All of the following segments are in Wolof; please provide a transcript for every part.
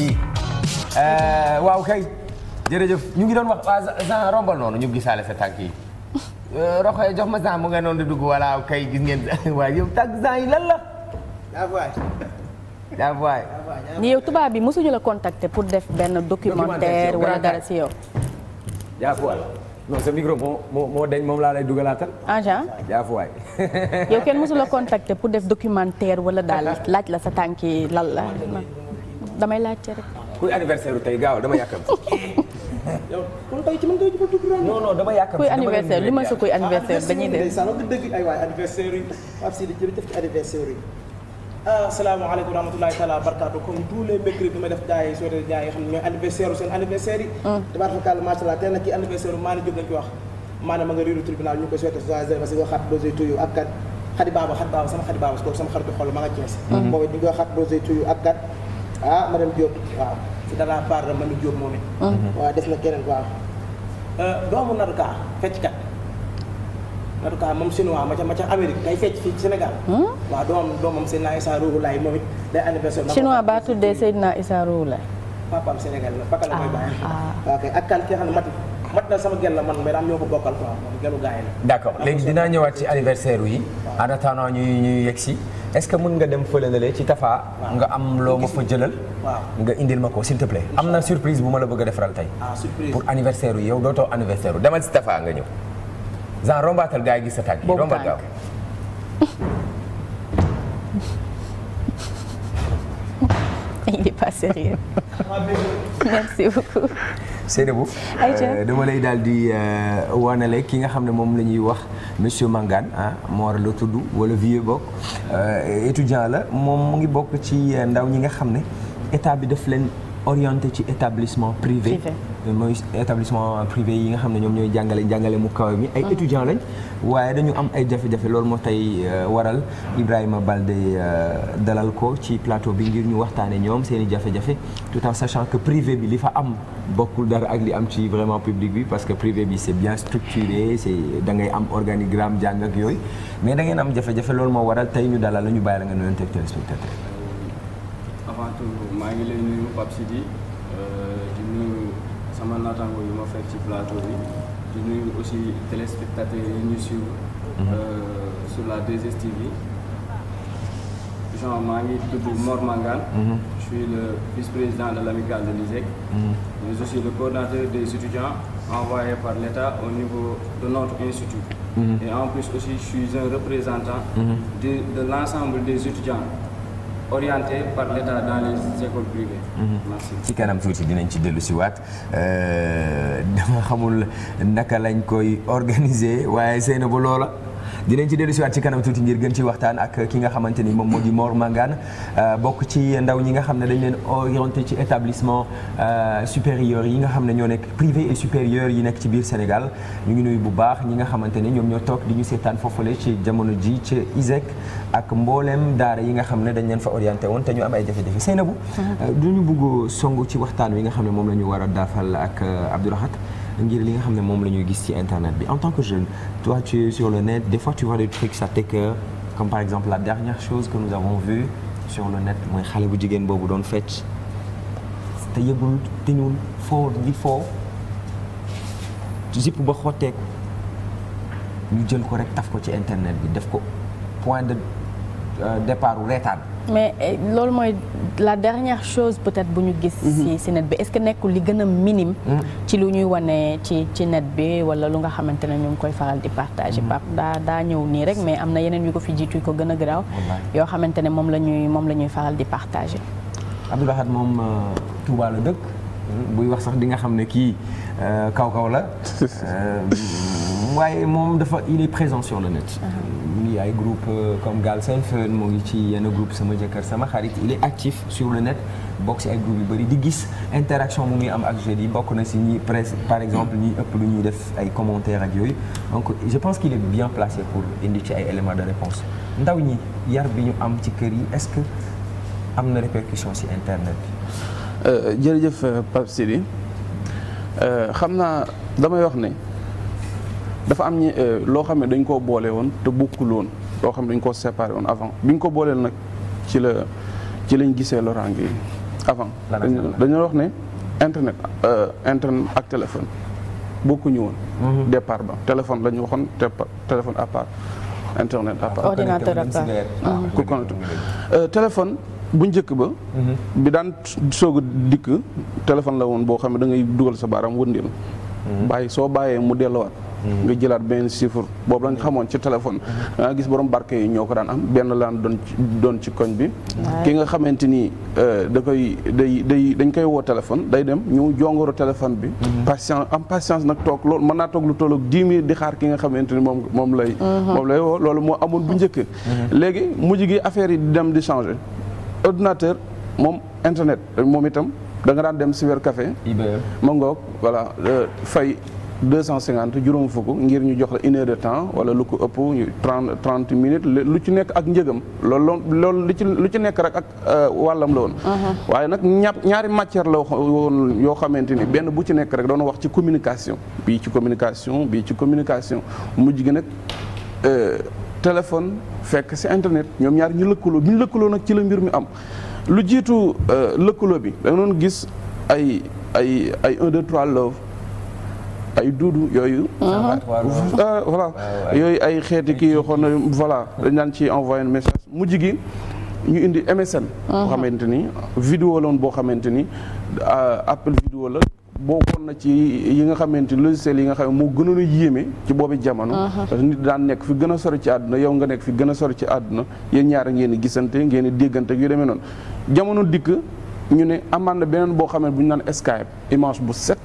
Eh, waaw kay jërëjëf ñu ngi doon wax waa Jean rombal noonu ñu gisaale sa tànk yi eh, roxoye jox ma Jean mu nga noonu di dugg wala kay gis ngeen waaye yow tànk yi lan la daa tubaab bi mosuñu la contacter pour def benn documentaire wala dara si yow jaafu waay moom laa lay agent jaafu waay yow kenn mosu la contacter pour def documentaire wala daal laaj la sa tànki lal la damay laajte rek. kuy anniversaire gaaw dama yow kon tey ci man tey ci ma dugg non non anniversaire li ma sa kuy anniversaire dañuy def. ah dëgg ay waay anniversaire yi. Pape Sidi jërëjëf ci anniversaire yi. Ah, ma def soo dee mm. ma nga ko xat dosé tuyu ak xadi baaba xadi baaba sama xadi baaba sama xaritu xol ma nga Thiès. boobu mm-hmm. ñu xat dosé tuyu ak ah madame Diop waaw c'est de la part de mami Diop moom it. Mm-hmm. waaw des na keneen waaw. Euh, doomu Naduka fecckat Naduka moom chinois ma ca ma ca Amérique day fecc fii Sénégal. Hmm? waaw doomam doomam Seydina Issa Rouhou Laye moom it day anniversaire. chinois ba tuddee Seydina Issa Rouhou Laye. la Pakala mooy ah, bàyyi. ah ok ak man mais daal ñoo moom gelu léegi dinaa ñëwaat ci anniversaire yi. en ñuy ñuy yegg si. est-ce que mën nga dem fële na ci Tafa. nga am loo ma fa jëlal. nga indil ma ko s'il te plaît. am na surprise bu ma la bëgg a defaral tey. Ah, pour anniversaire yu yow dootoo anniversaire yu demal si Tafa nga ñëw. genre rombaatal gaa yi gis sa tànk yi rombaatal gaaw. il euh, dama lay daal di euh, wanale ki nga xam ne moom la ñuy wax monsieur Mangane ah Mor la tudd wala vieux bokk euh, étudiant la moom mu ngi bokk ci ndaw ñi nga xam ne état bi daf leen. orienté ci établissement privé. Euh, mooy établissement privé yi nga xam ne ñoom ñooy jàngale jàngale mu kaw mi. ay mm. étudiants lañ waaye dañu am ay jafe-jafe loolu moo tey euh, waral Ibrahima Balde euh, dalal ko ci plateau bi ngir ñu waxtaane ñoom seen i jafe-jafe tout en sachant que privé bi li fa am bokkul dara ak li am ci vraiment public bi parce que privé bi c'est bien structuré c'est da ngay am organigramme jàng ak yooyu mais da ngeen am jafe-jafe loolu moo waral tey ñu dalal la ñu bàyyi la nga nuyoon teg avant maa ngi leen lay nuyu Pape Sidi euh, di nuyu sama naataango yu ma fekk ci plateau bi di nuyu aussi téléspectateurs yi ñu suivre mhm. euh, sur la 2STV yi Jean maa ngi tudd Mor Mangane mhm. je suis le vice-président de l'amicale de l'ISEC mhm. mais aussi le coordinateur des étudiants envoyés par l'État au niveau de notre institut et en plus aussi je suis un représentant de, de l'ensemble des étudiants orienté par l'État dans les écoles privées. Mhm. ci kanam tuuti dinañ ci dellusiwaat si waat euh, dama xamul naka lañ koy organiser waaye seen bu loola. dinañ ci dellu siwaat ci kanam tuuti ngir gën ci waxtaan ak ki nga xamante ni moom moo di Mor euh, bokk ci ndaw ñi nga xam ne dañ leen orienté ci établissement euh, supérieur yi nga xam ne ñoo nekk privé et supérieur yi nekk ci biir Sénégal ñu ngi nuyu bu baax ñi nga xamante ne ñoom ñoo toog di ñu seetaan foofule ci jamono ji ci ISEC ak mbooleem daara yi nga xam ne dañ leen fa orienté woon te ñu am ay jafe-jafe Seynabou mhm. euh, du ñu bugg song ci waxtaan wi nga xam ne moom la ñu war a daafal ak euh, Abdourahat ngir li nga xam ne moom la ñuy gis ci internet bi en tant que jeune toi tu es sur le net des fois tu vois des trucs ça comme par exemple la dernière chose que nous avons vue sur le net mooy xale bu jigéen boobu doon fecc te yëgul te ñuul foo di foo jipp ba xotteeku ñu jël ko rek taf ko ci internet bi def ko point de euh, départ u reetaan. mais eh, loolu mooy la dernière chose peut-être bu ñu gis. Mhm. ci net bi est-ce que nekkul li gën a minime. Mhm. ci lu ñuy wane ci ci net bi walla lu nga xamante ne ñu ngi koy faral di partager. Mhm. Pape daa daa ñëw nii rek mais am na yeneen yu ko fi jiitu yu ko gën a garaaw. yoo xamante ne moom la ñuy moom la ñuy faral di partager. Abdou Lahad moom euh, Touba la dëkk. buy wax sax di nga xam ne kii euh, kaw kaw la. waaye moom dafa il est présent sur le net. mu ah ngi ah. ay groupe euh, comme Galsen Fun moo ngi ci yenn groupe sama jëkkër sama xarit il est actif sur le net bokk si ay groupe yu bëri di gis interaction mu ngi am ak jeunes yi bokk na si ñi presse par exemple ñi ëpp lu ñuy def ay commentaires ak yooyu donc je pense qu'il est bien placé pour indi ci ay éléments de réponse ndaw ñi yar bi ñu am ci kër yi est-ce que am na répercussion si internet bi. Euh, jërëjëf Pape Sidi euh, xam naa damay wax ne. dafa am ñi euh, loo xam ne dañ ko boole woon te bokkul woon loo xam ne dañ ko séparé woon avant bi ñu ko booleel nag ci la ci lañ gisee loraange yi avant. dañoo wax ne internet euh, internet ak téléphone bokkuñu woon. Mhm. départ ba téléphone la ñu waxoon téléphone à part internet à part. ordinateur à part euh, téléphone. bu njëkk ba. Mhm. bi daan soog dikk téléphone la woon boo xam ne da dugal sa baaraam wëndeel. Mhm. bàyyi soo bàyyee mu delluwaat. nga jëlaat benn chiffre boobu lañ xamoon ci téléphone nga mm-hmm. ah, gis boroom barke yi ñoo ko daan am benn laan doon doon ci koñ bi ki nga xamante ni euh, da koy day day dañ koy woo téléphone day dem ñu jongoro téléphone bi mm-hmm. patient am patience nag toog loolu mën naa toog lu tolloog dix di xaar ki nga xamante ni moom moom lay mm-hmm. moom lay woo loolu moo amoon bu njëkk léegi mujj gi affaire yi di dem di changer ordinateur moom internet moom itam da nga daan dem cyber café ma ngoog voilà euh, fay 250 juróom fukk ngir ñu jox la une heure de temps wala lu ko ëpp ñu 30 30 minutes lu ci nekk ak njëgam loolu lool lu ci lu ci nekk rek ak euh, wàllam la woon. Uh-huh. waaye nag ñàpp ñaari matière la woon yoo xamante ni benn bu ci nekk rek doon wax ci communication bii ci communication bii ci communication mujj gi nag. Euh, téléphone fekk ci internet ñoom ñaar ñu lëkkaloo bi ñu lëkkaloo nag ci la mbir mi am lu jiitu euh, lëkkaloo bi da nga doon gis ay ay ay un deux trois love ay duudu yooyu. Mmh. Euh, voilà ah, yooyu ay xeeti kii yoo xam ne voilà dañ daan ci envoyé message mujj gi ñu indi MSN. Mmh. boo xamante ni vidéo loon boo xamante euh, ni appel vidéo la. bokkoon na ci yi nga xamante ni logiciel yi nga xam ne moo gënoon a yéeme ci boobu jamono. Mmh. parce que nit daan nekk fi gën a sori ci àdduna yow nga nekk fi gën a sori ci àdduna yéen ñaar ngeen di gisante ngeen di déggante ak yu demee noonu jamono dikk. ñu ne amaan na beneen boo xamee bu ñu naan Skype image bu set.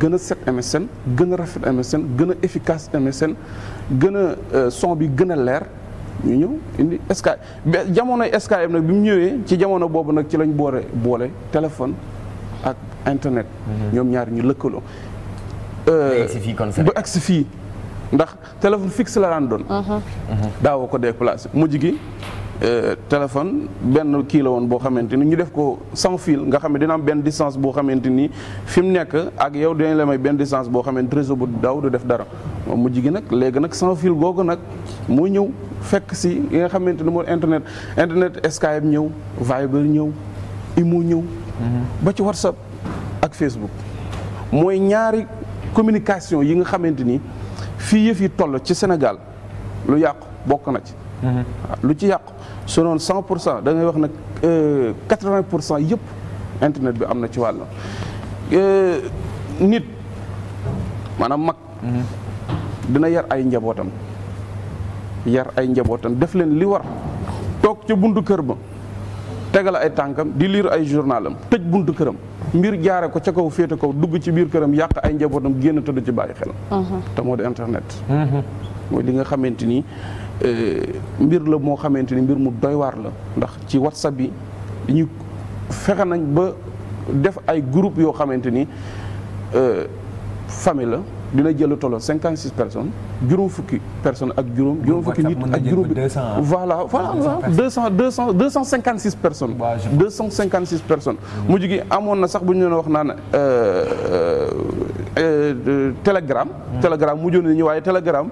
gën a set MSN gën a rafet MSN gën a efficace MSN gën a euh, son bi gën a leer ñu ñëw indi Skype ba jamonoy Skype nag bi mu ñëwee ci jamono boobu nag ci lañ boole boole téléphone ak internet. ñoom ñaar ñu lëkkaloo. ba agsi euh, fii ndax téléphone fixe la daan doon. daawoo ko déplacé mujj gi. Euh, téléphone benn kii la woon boo xamante ni ñu def ko sans fil nga xam ne am benn distance boo xamante ni fi mu nekk ak yow dinañ may benn distance boo xamante réseau bu daw def dara mujj gi nag léegi nag sans fil googu nag moo ñëw fekk si yi nga xamante ni mooy internet internet Skype ñëw Viber ñëw Imo ñëw. Mm-hmm. ba ci WhatsApp ak Facebook mooy ñaari communication yi nga xamante ni fii yëf yi toll ci Sénégal lu yàqu bokk na ci. Mm-hmm. lu ci yàqu. su noonu 100 pour cent da ngay wax nag 80 euh, pour cent yëpp internet bi am na ci wàll wàllam euh, nit maanaam mag. Mhm. dina yar ay njabootam yar ay njabootam def leen li war toog ci buntu kër ba tegal ay tànkam di liir ay journalam tëj buntu këram mbir jaare ko ca kaw féete kaw dugg ci biir këram yàq ay njabootam génn tëdd ci bàyyi xel. Mhm. te moo di internet. Mhm. mooy li nga xamante Euh, mbir la moo xamante ni mbir mu doy waar la ndax ci whatsapp bi ñu fexe nañ ba def ay groupe yoo xamante ni euh, famille la dina jël tolloo 56 personnes juróom fukki personnes ak juróom. juróom fukki nit ak juróom bi voilà voilà 200 200 256 personnes. waaw je 256 personnes. Mm. mujj gi amoon na sax bu ñu leen wax naan euh, euh, euh, Telegram. Mm. Telegram mujjoon nañu waaye Telegram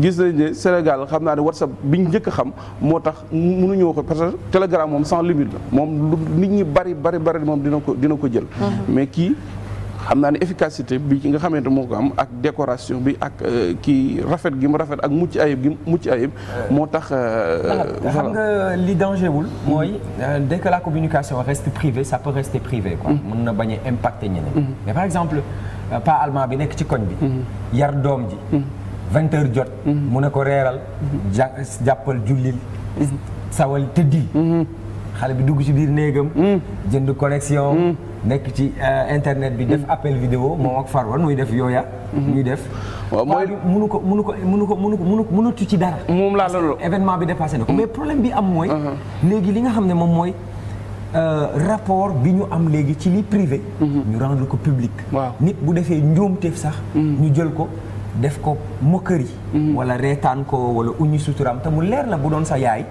gis nañ ne Sénégal xam naa ne WhatsApp bi ñu njëkk a xam moo tax mënuñoo ko parce que Telegram moom sans limite moom nit ñi bari bari bari moom dina ko dina ko jël. Mm. mais kii. xam naa ne efficacité bi ci nga xamante moo ko am ak décoration bi ak euh, kii rafet gi mu rafet ak mucc ayib gi mucc ayib moo tax euh, xam nga li danger wul mm-hmm. mooy euh, dès que la communication reste privée ça peut rester privé quoi mm-hmm. mën na bañ a impacter ñeneen mm-hmm. par exemple pas allemand bi nekk ci koñ bi yar doom ji vingt heures jot mu ne ko reeral jàppal jullil sawal tëddi xale bi dugg ci biir néegam. Hmm. jënd connexion. Hmm. nekk ci euh, internet bi def hmm. appel vidéo moom ak Farwan muy def yooya. muy def. munu ko mënu ko mënu ko mënu ko mënu ko mënatu ci dara. moom laa loolu événement bi dépassé na ko. mais problème bi am mooy. Uh-huh. léegi li nga xam ne moom mooy. Euh, rapport bi ñu am léegi ci li privé. Uh-huh. ko public. waaw nit bu defee njuumteef sax. ñu jël ko def ko mokkari. wala reetaan ko wala uñi suturaam te mu leer la bu doon sa yaay.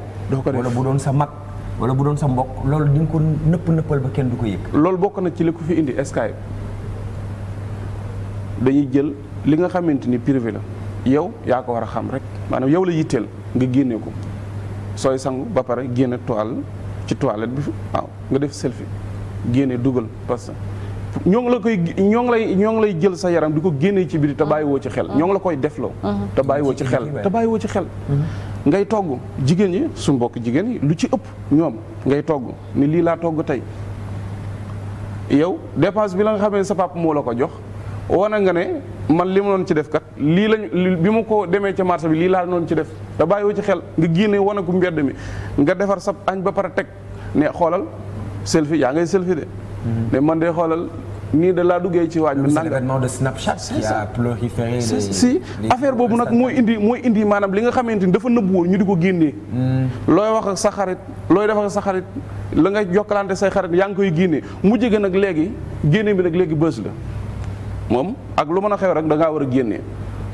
wala bu doon sa mag. wala bu doon sa mbokk loolu di nga ko nëpp nëppal ba kenn du ko yëg. loolu bokk na ci li ko fi indi Skype dañuy jël li nga xamante ni privé la yow yaa ko war a xam rek maanaam yow la yitteel nga génnee ko sooy sangu ba pare génne toile ci toilette bi waaw nga def selfie génne dugal parce que. ñoo ngi la koy ñoo ngi lay ñoo ngi lay jël sa yaram di ko génnee ci biir te bàyyiwoo ci xel ah, ah. ñoo ngi la koy defloo te ah. te bàyyiwoo ci xel ngay togg jigéen ñi suñu mbokk jigéen ñi lu ci ëpp ñoom ngay togg ni lii laa togg tey yow dépense bi la nga xam ne sa papa moo la ko jox wana nga ne man li ma ci def kat lii lañ bi mu ko demee ci marché bi lii laa noonu ci def te bàyyiwoo ci xel nga génne wana ku mbedd mi nga defar sa añ ba pare teg ne xoolal selfie yaa ngay selfie de. Mm-hmm. ne man de xoolal nii de laa duggee ci waañ bi. nangam de Snapchat qui a proliféré si affaire boobu nag mooy indi mooy indi maanaam li nga xamante ni dafa nëbbu woon ñu di ko génnee. Hmm. looy wax ak sa xarit looy def sa xarit la nga jokkalante say xarit yaa ngi koy génnee mujj gi nag léegi génne bi nag léegi bës la moom ak lu mën a xew rek da ngaa war a génnee.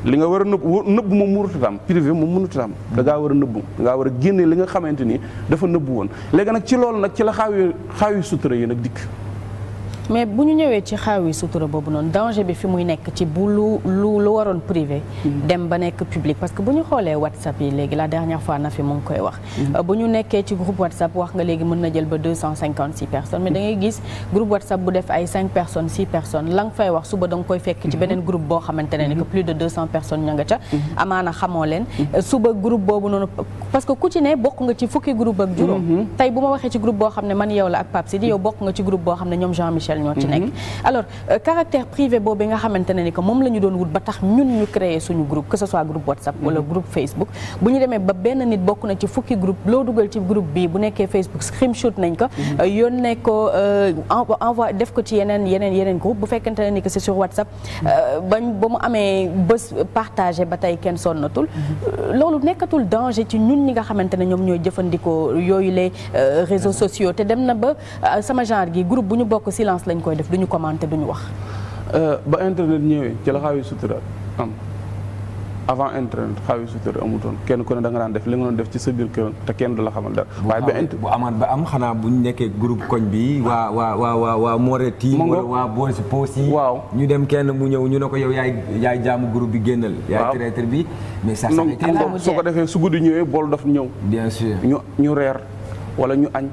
li nga war a nëbb nëbb moom mënut am privé moom mënut am da ngaa war a nëbb ngaa war a génne li nga xamante ni dafa nëbb woon léegi nag ci loolu nag ci la xaawi xaawi sutura yi nag dikk mais bu ñu ñëwee ci xaawi sutura boobu noonu danger bi fi muy nekk ci bu lu waroon privé. Mm-hmm. dem ba nekk public parce que bu ñu xoolee WhatsApp yi léegi la na fi mu ngi mm-hmm. euh, nekkee ci groupe WhatsApp wax nga léegi mën na jël ba deux cent cinquante mais da gis groupe WhatsApp bu def ay cinq personnes nga fay wax suba da nga koy fekk ci mm-hmm. beneen groupe boo xamante ne que plus de deux cent ca. amaana xamoo leen. suba groupe boobu noonu parce que ku bokk nga ci fukki groupe ak juróom. tey bu ma waxee boo xam ne man yow la ak Pape Sidi yow culturel ñoo ci mhm. nekk alors euh, caractère privé boobu nga xamante ne ni que moom la ñu doon wut ba tax ñun ñu créer suñu groupe que ce soit groupe WhatsApp wala mhm. groupe Facebook bu ñu demee ba benn nit bokk na ci fukki groupe loo dugal ci groupe bu nekkee Facebook screenshot nañ ko mhm. euh, yónnee ko euh, envoie def ko ci yeneen yeneen yeneen groupe bu fekkente ne ni que c'est sur WhatsApp ba mu amee bés partagé ba tey kenn sonnatul loolu nekkatul danger ci ñun ñi nga xamante ne ñoom ñooy jëfandikoo yooyu les réseaux sociaux te dem na ba sama genre gi groupe bu ñu bokk lañ koy def duñu commenter duñu wax. Euh, ba internet ñëwee ci la xaawi sutura am avant internet xaawi sutura amutoon kenn ku ne da daan def li nga def ci sa biir kër te kenn du la xamal dara. waaye ba inter bu amaat ba am xanaa bu ñu nekkee groupe koñ bi waa waa waa waa waa Moretti. mu ngi waa Bosi Posi. waaw ñu dem kenn mu ñëw ñu ne ko yow yaay yaay jaamu groupe bi génnal. yaay traître bi mais ça ça su ko defee su guddi ñëwee bool daf ñëw. bien ñu ñu reer wala ñu añ.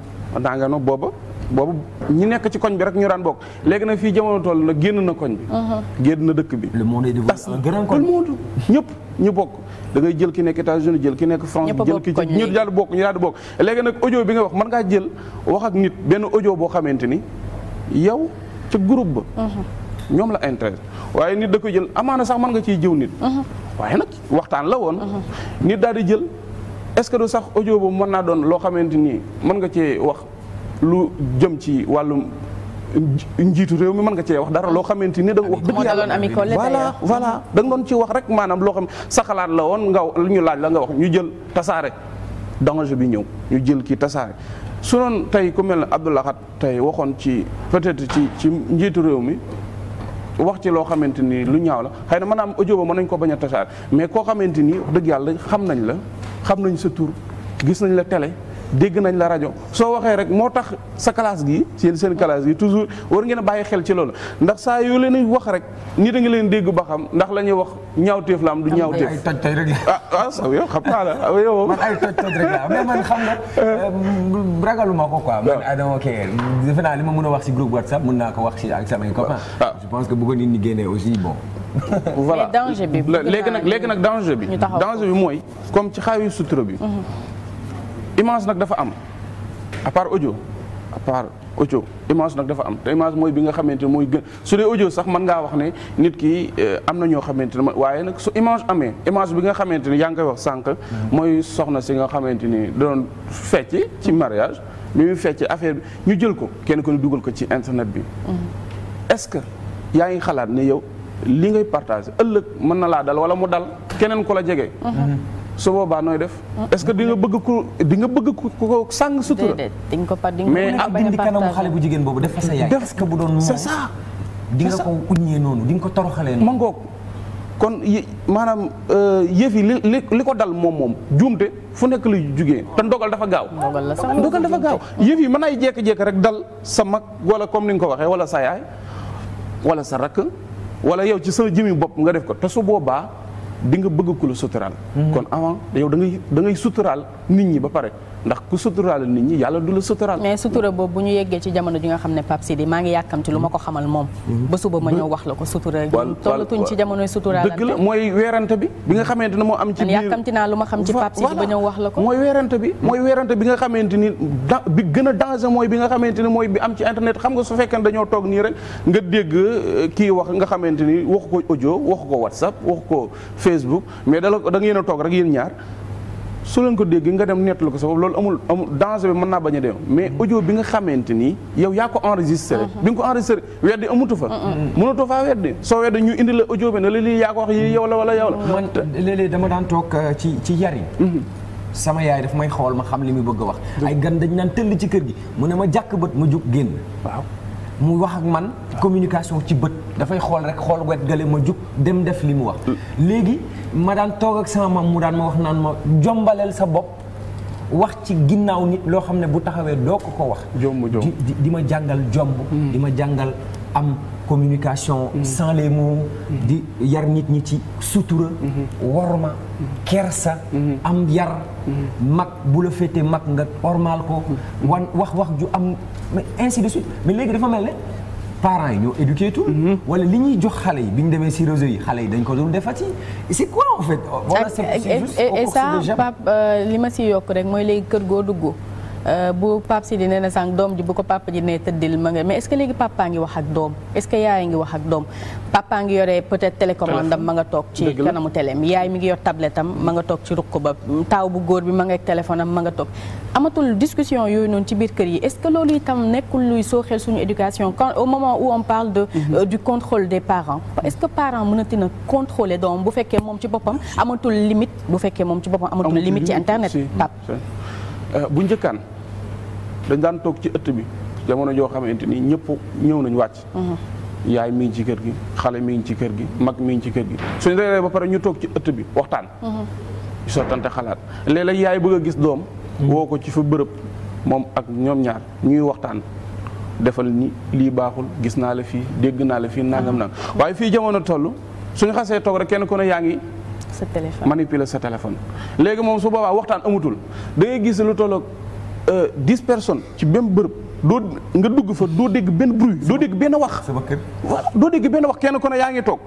daa nga booba. boobu ñi nekk ci koñ bi rek ñu daan bokk léegi nag fii jamono toll na génn na koñ bi uh-huh. génn na dëkk bi le monde est devenu un grand koñ le ñëpp ñu bokk da ngay jël ki nekk États-Unis jël ki nekk France jël ki ñu daal bokk ñu bokk léegi nag audio bi nga wax mën ngaa jël wax ak benn audio boo xamante ni yow ca groupe ba uh-huh. ñoom la intérêt waaye nit da koy jël amaana sax mën nga ciy jëw nit uh-huh. waaye nag waxtaan la woon nit daal di jël est-ce que du sax audio boobu mën naa doon loo xamante nii mën nga cee wax lu jëm ci wàllum njiitu réew mi mën nga cee wax dara loo xamante ni da wax dëgg yàlla voilà voilà da nga doon ci wax rek maanaam loo xam sa xalaat la woon nga lu ñu laaj la nga wax ñu jël tasaare danger bi ñëw ñu jël kii tasaare su doon tey ku mel ne Abdou Lahad tey waxoon ci peut-être ci ci njiitu réew mi wax ci loo xamante ni lu ñaaw la xëy na maanaam audio ba mën nañ ko bañ a tasaare mais koo xamante ni dëgg yàlla xam nañ la xam nañ sa tur gis nañ la télé dégg nañ la rajo soo waxee rek moo tax sa classe gi seen seen classe gi toujours war ngeen a bàyyi xel ci loolu ndax saa yoo leen wax rek nit a ngi leen dégg ba xam ndax la ñuy wax ñaawteef la am du ñaawteef. ay toj rek la ah ah xam naa la yow. man ay toj toj rek la mais man xam nga euh, ragaluma ko quoi. man Adama ok defe naa li ma mën a wax si groupe WhatsApp mun naa ko wax si ak samay copains. Ah. je que bu nit ñi génnee aussi bon. voilà léegi nag léegi nag danger bi danger bi mooy comme ci xaawi sutura bi. Mhm. image nag dafa am à part audio à audio image nag dafa am te image mooy bi nga xamante ne mooy gën su dee audio sax mën ngaa wax ne nit ki euh, am na ñoo xamante ne waaye nag su image amee image bi nga xamante ne yaa ngi koy wax sànq. mooy soxna si nga xamante ni doon fecc ci mariage mi muy fecc affaire bi ñu jël ko kenn ko ni dugal ko ci internet bi. Mm-hmm. est-ce que yaa ngi xalaat ne yow li ngay partager ëllëg mën na laa dal wala mu dal keneen ko la jege. Mm-hmm. su boobaa nooy def. est-ce que di nga bëgg ku dinga bëgg ku ko sàng sutura. di nga ko pa di nga ko dindi ah, kanamu xale bu jigéen boobu def fa sa yaay. est-ce que bu doon moom noonu di nga ko toroxalee noonu. ma ngoog kon yi maanaam euh, yëf yi li li li ko dal moom moom juumte fu nekk lu jugee te ndogal dafa gaaw. ndogal la sax ndogal dafa gaaw yëf yi mën ay jékki-jékki rek dal sa mag wala comme ni nga ko waxee wala sa yaay wala sa rakk wala yow ci sa jëmi bopp nga def ko te su boobaa di nga bëgg ku la mhm. kon avant yow da ngay da ngay nit ñi ba pare. ndax ku suturaal nit ñi yàlla du la suturaal. mais sutura boobu bu ñu yeggee ci jamono ji nga xam ne Pape Sidi maa ngi yàkkamti lu ma ko xamal moom. Mm-hmm. ba suba ma ñëw mm-hmm. wax la ko sutura. wàll tollatuñ ci jamonoy suturaal. dëgg la mooy weerante bi. nga xamante ne moo am ci biir naa lu ma xam ci Pape Sidi ba ñëw wax la ko. mooy weerante bi mooy weerante bi nga xamante ni da bi gën a danger mooy bi nga xamante ni mooy bi am ci internet xam nga su fekkee dañoo toog nii rek nga dégg euh, kii wax nga xamante ni waxu ko audio waxu ko whatsapp waxu ko facebook mais dala la da ngeen a toog rek yéen ñaar su leen ko dégg nga dem nettalu ko sa bopp loolu amul amul danger bi mën naa bañ a dem mais mm-hmm. audio bi nga xamante ni yow yaa ko enregistré mm-hmm. bi nga ko enregistré weddi amutu fa mm-hmm. mënatoo faa weddi soo weddi ñu indi la audio bi ne la lii yaa ko wax yi yow la wala yow la man léeg dama daan toog euh, ci ci yari sama yaay daf may xool ma xam li muy bëgg a wax ay gan dañ naan tëll ci kër gi mu ne ma jàkk bët ma jóg génn waaw mu wax man communication ci bët dafay xool rek xool wet gale ma jóg dem def li mu wax léegi ma daan toog ak sama mam mu daan ma wax naan ma jombaleel sa bopp wax ci ginnaaw nit loo xam ne bu taxawee doo ko ko wax. jomb jomb di di ma jàngal jomb. Mm. di ma jàngal am communication. Mm. sans les mm. di yar nit ñi ci sutura. Mm-hmm. worma mm-hmm. kersa. Mm-hmm. am yar. mag bu la féetee mag nga ormaal ko. wan wax wax ju am mais ainsi de suite mais léegi dafa mel ne. parents yi ñoo éduqué tout mhm. wala li ñuy jox xale yi bi ñu demee si réseau yi xale yi dañ ko doon defati c'est quoi en fait. voilà c'est juste et ça Pape euh, li ma si yokk rek mooy léegi kër goo dugg. Euh, bu Pape Sidi nee na sànq doom ji bu ko papa ji nee tëddil ma nga mais est-ce que léegi papa ngi wax ak doom est-ce que yaay ngi wax ak doom papa ngi yore peut-être télécommande am ma nga toog ci kanamu teleem yaay mi ngi yor tablette am ma nga toog ci rukk ba taaw bu góor bi ma nga ak téléphone ma nga toog amatul discussion yooyu noonu ci biir kër yi est-ce que loolu itam nekkul luy sooxeel suñu éducation quand au moment où on parle de mhm. euh, du contrôle des parents est-ce que parent mënati na contrôler fekkee moom ci boppam amatul limite bu fekkee moom ci boppam amatul limite ci internet pap euh, bu dañ daan toog ci ëtt bi jamono joo xamante ni ñëpp ñëw nañ wàcc mhm. yaay mi ngi ci kër gi xale mi ngi ci kër gi mag mi ngi ci kër gi suñ reeree ba pare ñu toog ci ëtt bi waxtaan mhm. sottante xalaat léeg yaay bëgg a gis doom mhm. woo ko ci fa bërëb moom ak ñoom ñaar ñuy waxtaan defal ni lii baaxul gis naa la fii dégg naa la fii nangam nang waaye fii jamono toll suñu xasee toog rek kenn kon yaa ngi manipuler sa téléphone léegi moom su boobaa waxtaan amatul da Euh, dix personnes ci même bërëb doo nga dugg fa doo dégg benn bruit doo dégg benn wax. sama kër doo dégg benn wax kenn ku ne yaa ngi toog.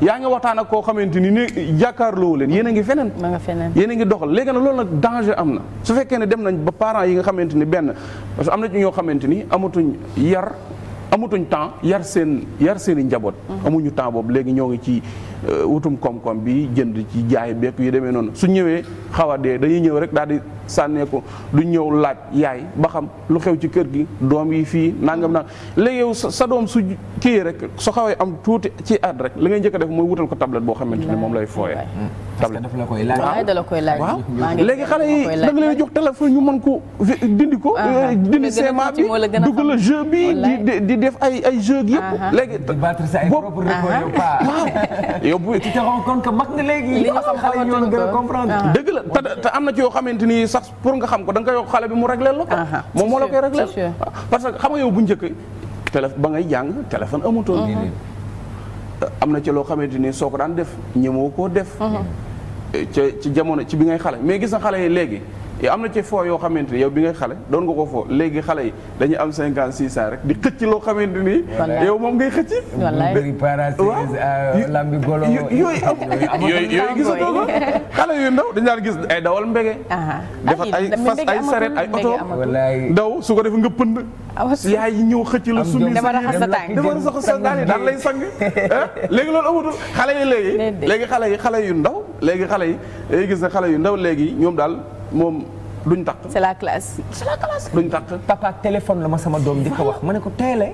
yaa ngi waxtaan ak koo xamante ni ne jàkkaarloo leen yéen a ngi feneen. ma nga feneen yéen a ngi doxal léegi nag loolu nag danger am na. su fekkee ne dem nañ ba parents yi nga xamante ni benn parce que am na ci ñoo xamante ni amatuñ yar amatuñ temps yar seen yar seen i njaboot. Mm-hmm. amuñu temps boobu léegi ñoo ngi ci. Euh, wutum koom-koom bi jënd ci jaay beek yu demee noonu su ñëwee xaw a dee dañuy ñëw rek daal sànnee ko du ñëw laaj yaay ba xam lu xew ci kër gi doom yi fii nangam nag léegi yow sa doom su kii rek su xawee am tuuti ci at rek li njëkk def mooy wutal ko tablette boo xamante ne moom lay fooyee. Hmm. tablette daf la koy laaj. waaw da la koy laaj. waaw léegi xale yi da nga jox téléphone ñu mën ko dindi ko. Ah, euh, dindi séema bi dugg la jeu bi di def ay ay jeux yëpp. Ah, ah. léegi di battre sa ay propres yóbbu. tu mag nga léegi. li a comprendre. Ah. dëgg la te am na ci yoo xamante ni sax pour nga xam ko da yokk xale bi mu réglé la ko. Ah, ah. moom moo la koy réglé parce que xam nga yow bu njëkk téléphone ba ngay jàng téléphone amutoon. Mm-hmm. am na ci loo xamante ni soo ko daan def ñemoo koo def. Mm-hmm. Eh, ca ci jamono ci bi ngay xale mais gis na xale yi léegi yow am na ci foo yoo xamante ni yow bi ngay xale doon nga ko foo léegi xale yi dañuy am cinquante six ans rek di xëcc loo xamante ni. yow moom ngay xëcc. wallaay euh, lambi golo yooyu yooyu gisatoo ko xale yu ndaw dañ daan gis ay dawal mbége. defar ay fas ay saret ay oto daw su ko defee nga pënd. yaay yi ñëw xëcc la sumi dama raxas sa tànk dama raxas sa tànk daan lay sang eh, léegi loolu amatul xale yi léegi léegi xale yi xale yu ndaw léegi xale yi léegi gis na xale yu ndaw léegi ñoom daal moom duñ takk. c'est la classe. c'est la classe. duñ takk. papa téléphone la ma sama doom di ko wax ma ne ko teele.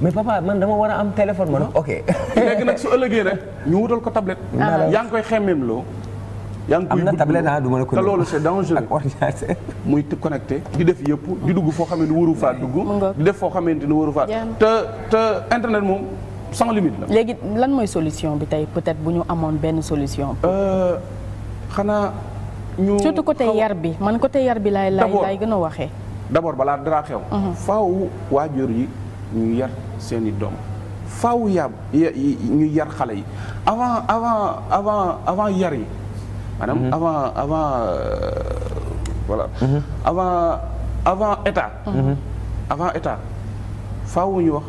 mais papa man dama war a am téléphone ma ne ok. léegi nag su ëllëgee rek ñu wutal ko tablette. Ah. yaa ngi koy xemmeem loo. yaa ngi koy am na tablette ah du ma ne ko te loolu c'est dangereux ak ordinateur. muy connecté di def yëpp di dugg foo xam ne waru faa dugg. di def foo xamante ni waru faa. te te internet moom. sans limite la. léegi lan mooy solution bi tey peut-être bu ñu amoon benn solution. Euh, xanaa ñu surtout côté yar bi man côté yar bi laay laay laay gën a waxee d'abord balaa dara xew mhm. faaw waajur yi ñu yar seeni doom faaw yab ñu yar xale yi avant avant avant avant yar yi maanaam mhm. avant euh, mhm. avant avant état avant état faaw ñu wax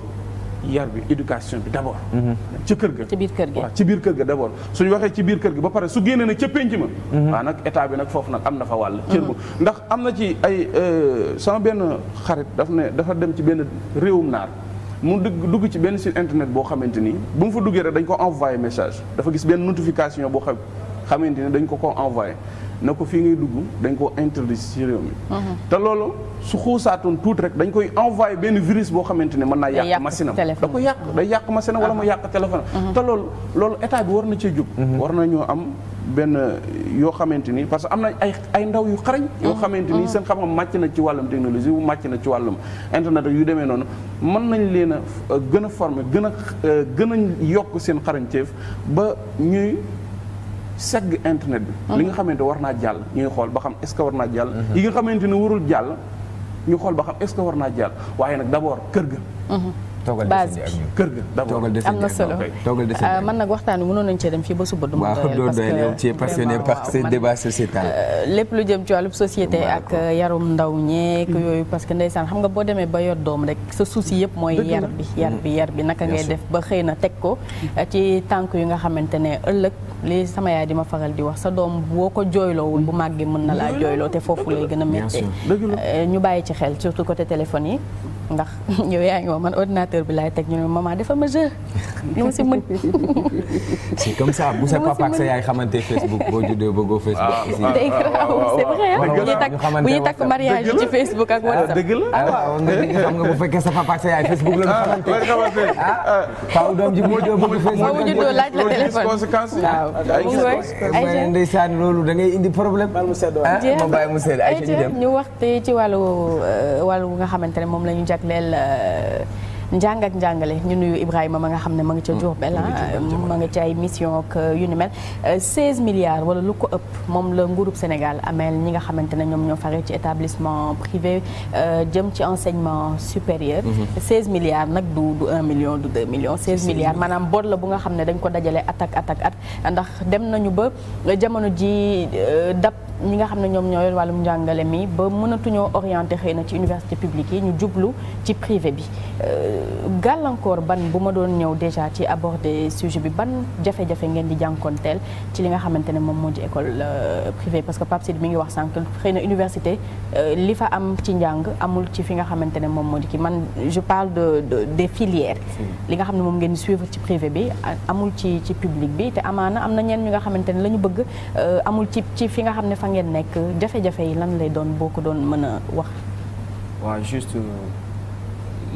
yar bi éducation bi d' abord. Mhm. ci kër ga. ci biir kër ga waaw ci biir kër ga d' abord suñu waxee ci biir kër gi ba pare su génnee na ca penc ma. Mhm. waaw nag état bi nag foofu nag am na fa wàll. Mhm. cër bu ndax am na ci ay euh, sama benn xarit daf ne dafa dem ci benn réewum naar. mu dugg dugg ci benn si internet boo xamante ni bu mu fa duggee rek dañ ko envoyé message dafa gis benn notification boo xam xamante ni dañ ko ko envoyé. na ko fii ngay dugg dañ ko interdit ci réew mi mhm. te loolu su xuusaatoon tuuti rek dañ koy envoyé benn virus boo xamante ne mën naa yàq machine am da ko yàq day yàq machine am wala mu ah. yàq téléphone am mhm. te loolu loolu état bi na cee jóg mhm. war na ñoo am benn yoo xamante ni parce que am na ay ay ndaw yu xarañ yoo xamante ni seen xam-xam màcc na ci wàllum technologie bu màcc na ci wàllum internet yu demee noonu mën nañ leen a gën a former gën a gën a yokk seen xarañteef ba ñuy segg internet bi uh-huh. li nga xamante war naa jàll ñuy xool ba xam est-ce war naa jàll uh-huh. yi nga xamante ne warul jàll ñu xool ba xam est-ce que war naa jàll waaye nag d'abord kër ga uh-huh. base bi kër ga am na solo euh, man nag waxtaan wi mënoon nañ cee dem fii ba suba du ma doyal parce que passionné par euh, lépp lu jëm ci wàllu société ak euh, yarum ndaw ñeek mm. yooyu parce que ndeysaan xam nga boo demee ba yor doom rek sa suusi yëpp mooy yar bi yar bi yar bi naka ngay def ba xëy na teg ko mm. ci tànk yu nga xamante ne ëllëg li sama yaay di ma faral di wax sa doom boo ko jooyloowul bu màggee mën na laa mm. jooyloo te foofu lay gën a méttee ñu bàyyi ci xel surtout côté téléphone yi ndax ordinateur bi laay teg ñu ne maman dafa ma jeu nu mu si mën. c'est comme ça bu sa papa ak sa yaay xamante Facebook boo juddoo bëggoo ah, Facebook. waaw ah, ah, day grave c'est vrai bu ñuy takk mariage ci Facebook ak WhatsApp. dëgg la waaw xam nga bu fekkee sa papa ak sa yaay Facebook la ñu xamante ah faaw doom ji bu juddoo bëgg Facebook. boo juddoo laaj la téléphone waaw. ay ndeysaan loolu da ngay indi problème. ah ma bàyyi mu sedd ay ñu dem ñu waxte ci wàllu euh, wàllu nga xamante ne moom la ñu jagleel. Euh, njàng ak njàngale ñu nuyu Ibrahima ma nga xam ne ma nga ca hmm. Diourbel ah, ma nga ci ay mission ak euh, yu ni mel 16 euh, wala lu ko ëpp moom la nguurub Sénégal ameel ñi nga xamante ne ñoom ñoo faree ci établissement privé euh, jëm ci enseignement supérieur 16 hmm. milliards nag du du million du 2 millions 16 milliards maanaam bor la bu nga xam ne dañ ko dajale at ak at ak at ndax dem nañu ba jamono ji dab ñi nga xam ne ñoom ñoo yor wàllum njàngale mi ba mënatuñoo orienté xëy na ci université publique yi ñu jublu ci privé bi gàllankoor ban bu ma doon ñëw déjà ci aborder sujet bi ban jafe-jafe ngeen di jànkoonteel ci li nga xamante ne moom moo di école euh, privée parce que Pape mi ngi wax sànq xëy na université euh, li fa am ci njàng amul ci fi nga xamante ne moom moo di ki man je parle de des filières. li nga xam ne moom ngeen di suivre ci privé bi amul ci ci public bi te amaana am na ñeen ñi nga xamante ne lañu ñu bëgg euh, amul ci ci fi nga xam ne fa ngeen nekk jafe-jafe yi lan lay doon boo ko doon mën a wax.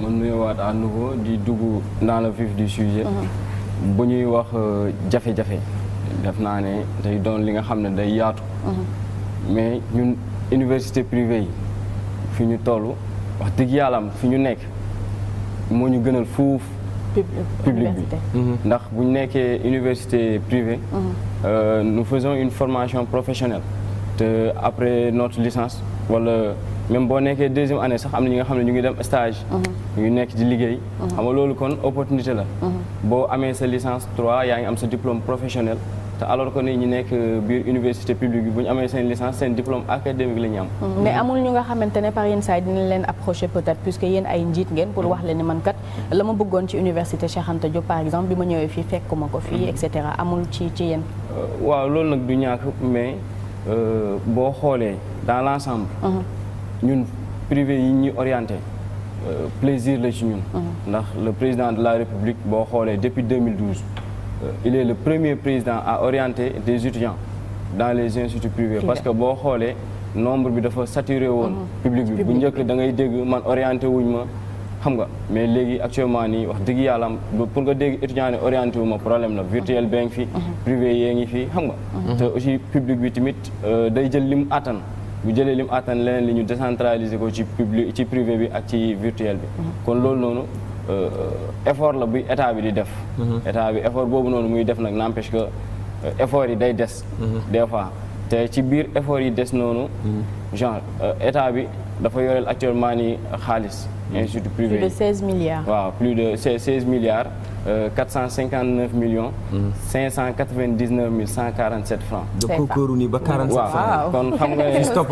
ma nuyuwaat à nouveau di dugg dans le vif du sujet. Uh-huh. bu ñuy wax euh, jafe-jafe def naa ne day doon li nga xam ne day yaatu. Uh-huh. mais ñun université privée yi fi ñu toll wax dëgg yàlla fi ñu nekk moo ñu gënal fuuf. public bi uh-huh. ndax bu ñu nekkee université privée. Euh, nous faisons une formation professionnelle te après notre licence wala. même boo nekkee deuxième année sax am na ñi nga xam ne ñu ngi dem stage. Uh-huh. ñu nekk di liggéey. Uh-huh. xam nga loolu kon opportunité la. Uh-huh. boo amee sa licence 3 yaa ngi am sa diplôme professionnel. te alors que ni ñu nekk euh, biir université publique bi amee seen licence seen diplôme académique la ñu am. amul ñu nga xamante ne par yenn saa yi leen approché peut-être puisque yéen ay njiit ngeen pour wax leen ni man kat la ma bëggoon ci université Cheikh Anta Diop par exemple bi ma ñëwee fii fekkuma ko fii et cetera amul ci ci yéen. Euh, waaw loolu nag du ñàkk mais euh, boo xoolee dans l'ensemble. ñun privé yi ñuy orienté euh, plaisir la ci ñun. Mhm. ndax le président de la république boo xoolee depuis 2012 euh, il est le premier président à orienter des étudiants dans les instituts privés. parce que boo xoolee nombre bi dafa saturé woon. Mhm. public bi bu njëkk da ngay dégg man orienté wuñ ma. xam nga mais léegi actuellement nii wax dëgg yàlla pour nga dégg étudiant ne wu ma problème la virtuel baa ngi fi. Mhm. privé yee ngi fi xam nga. te aussi public bi tamit euh, day jël lim attan. bu jëlee lim attan leneen li ñu décentraliser ko ci public ci privé bi ak ci virtuel bi. Mhm. kon loolu noonu euh, effort la bu état bi di def. Mhm. état bi effort boobu noonu muy def nag n'empêche que euh, effort yi day des. Mhm. des fois te ci biir effort yi des noonu. genre euh, état bi dafa yoreel actuellement ni xaalis. Mm-hmm. institut privé plus de 16 milliards. waaw plus de 16 milliards euh, 459 millions. 599 mm-hmm. mille 147 francs. c' est ça ni ba 47 francs. kon xam nga ne stop